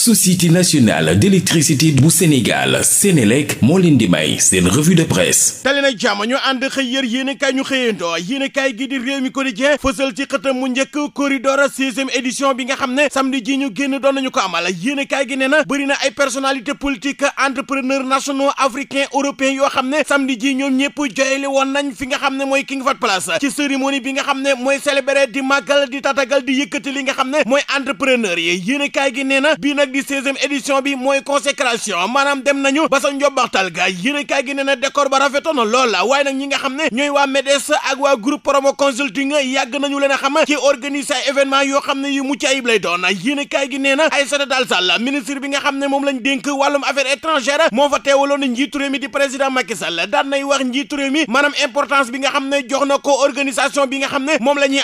société nationale d'électricité bu Sénégal Sénélec moo leen di may seen revue de presse tali na jàmm ñu ànd xëy yër yéenekaay ñu xëyandoo yéenekaay gi di réew mi quotidien fësal ci xëtam mu njëkk corridor sixième édition bi nga xam ne samedi ji ñu génn doon nañu ko amal yéenekaay gi nee na bëri na ay personnalité politique entrepreneur nationaux africains européens yoo xam ne samedi ji ñoom ñëpp joyeli woon nañ fi nga xam ne mooy King Fahd Palace ci bi nga xam ne mooy célébrer di màggal di tatagal di yëkkati li nga xam ne mooy entrepreneur yi yéenekaay gi nee na bii nag di seizième édition bi mooy consécration maanaam dem nañu ba sa njobbaxtal ga yéenekaay gi nee na décor ba rafetoon na lool waaye nag ñi nga xam ne ñooy waa MEDES ak waa groupe promo consulting yàgg nañu leen a xam ci organiser ay yoo xam ne yu mucc lay doon yéenekaay gi nee na Aïssata Tall Sall ministre bi nga xam ne moom lañ dénk wàllum affaires étrangères moo fa teewaloon njiitu réew mi di président Macky Sall daan nay wax njiitu la ñuy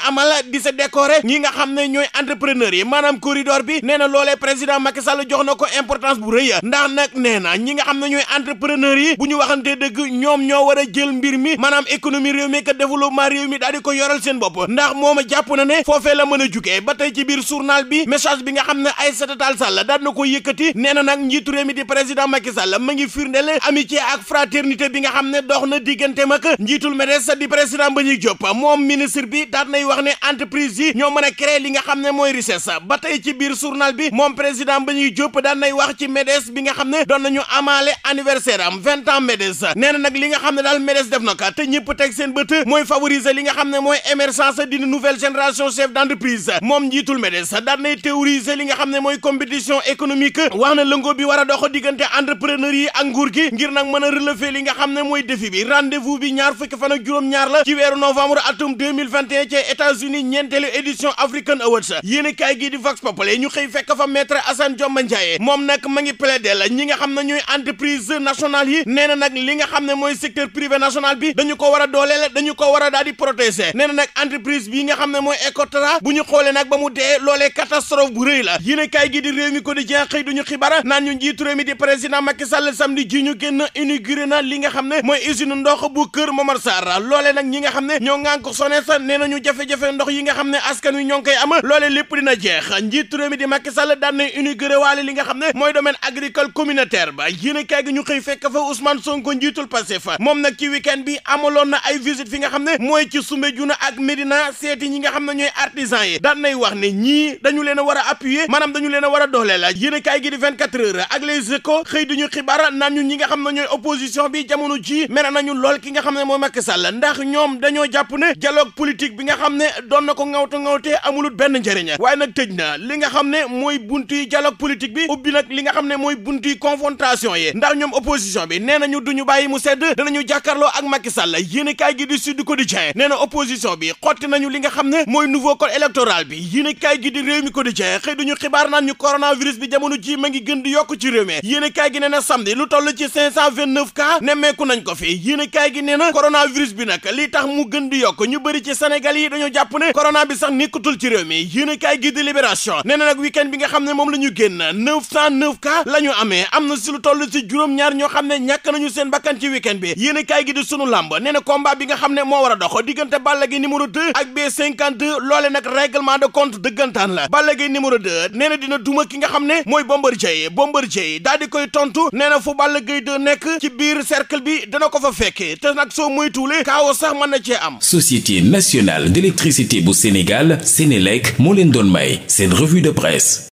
amal di yi maanaam corridor bi Macky Sall jox na na ñi nga xam ne ñooy entrepreneur ñoo war a jël mbir mi maanaam économie réew mi ka développement réew mi daal di ko yoral seen bopp ndax moom jàpp na ne foofee la bi nga xam ne Aïssata Tall Sall daal na ko yëkkati na nag njiitu ma ngi firndeel amitié ak bi nga xam ne dox na diggante mag njiitul MEDES di président Mbagnick Diop moom ministre bi daal nay wax ne entreprise yi ñoo mën a créer li nga xam ne mooy richesse ba tey ci biir journal bi moom président ba ñu Diop daan nay wax ci MEDES bi nga xam ne doon nañu amaale anniversaire am vingt ans MEDES nee na nag li nga xam ne daal MEDES def na ko te ñëpp teg seen bët mooy favoriser li nga xam ne mooy émergence d'une nouvelle génération chef d'entreprise moom njiitul MEDES daan nay li nga xam ne mooy compétition économique wax na lëngoo bi war a dox diggante entrepreneur yi ak nguur gi ngir nag mën a relever li nga xam ne mooy défi bi rendez bi ñaar fukki fan ak juróom-ñaar la ci weeru novembre atum 2021 ci États-Unis ñeenteelu édition African Awards yéen a kaay gii di Vox Populi ñu Antoine Diome Ndiaye moom nag ma ngi ñi nga xam ne ñuy entreprise nationale yi nee na nag li nga xam ne mooy secteur privé national bi dañu ko war a dooleel dañu ko war a daal di protéger nee na nag entreprise bii nga xam ne mooy Ecotra bu ñu xoolee nag ba mu dee loolee catastrophe bu rëy la yéen a kaay gi di réew mi quotidien xëy duñu xibaar naan ñu njiitu réew mi di président Macky Sall samedi ñu génn inauguré na li nga xam ne mooy usine ndox bu Kër Momar ñi nga xam ne ñoo ngaan ko SONES nee nañu ndox yi nga xam ne askan wi ñoo ngi koy am loolee lépp dina jeex njiitu réew mi inauguré waale li nga xam ne mooy domaine agricole communautaire ba yéen a kaay gi ñu xëy fekk fa Ousmane Sonko njiitul Pastef moom nag ci week bi amaloon na ay visite fi nga xam ne mooy ci Soumbédioune ak Médina seeti ñi yi daan nay wax ne ñii dañu leen a war a maanaam dañu leen war a doole la yéen a kaay gi di 24 heures ak les échos xëy duñu xibaar naan ñi nga xam ne ñooy opposition bi jamono ji mere nañu lool ki nga xam ne mooy Macky Sall ndax ñoom dañoo jàpp ne dialogue politique bi nga xam ne doon na ko ngawtu ngawtee amulul benn njëriñ waaye nag tëj na li nga xam ne mooy buntu yi dialogue dialogue politique bi ubbi nag li nga xam ne mooy buntuy confrontation yi ndax ñoom opposition bi nee nañu ñu bàyyi mu sedd danañu jàkkaarloo ak Macky Sall yéen kaay gi di Sud Quotidien nee na opposition bi xotti nañu li nga xam ne mooy nouveau code électoral bi yéen kaay gi di réew mi Quotidien xëy duñu xibaar naan ñu coronavirus bi jamono ji ma ngi gën di yokk ci réew mi yéen kaay gi nee na samedi lu toll ci 529 cas nemmeeku nañ ko fi yéen kaay gi nee na coronavirus bi nag li tax mu gën di yokk ñu bëri ci Sénégal yi dañoo jàpp ne corona bi sax nekkatul ci réew mi yéen kaay gi di Libération bi nga xam ne moom la ñu génn génn 909 cas la ñu amee am na si lu toll si juróom-ñaar ñoo xam ne ñàkk nañu seen bakkan ci week-end bi yéen a kaay gi di sunu làmb nee na combat bi nga xam ne moo war a dox diggante Balla Gaye numéro 2 ak B52 loole nag règlement de compte dëggantaan la Balla Gaye numéro 2 nee dina duma ki nga xam ne mooy Bombardier Bombardier daal di koy tontu nee na fu Balla Gaye 2 nekk ci biir cercle bi dana ko fa fekkee te nag soo moytuwulee kaawo sax man na cee am. Société nationale d'électricité bu Sénégal Sénélec moo leen doon may seen revue de presse.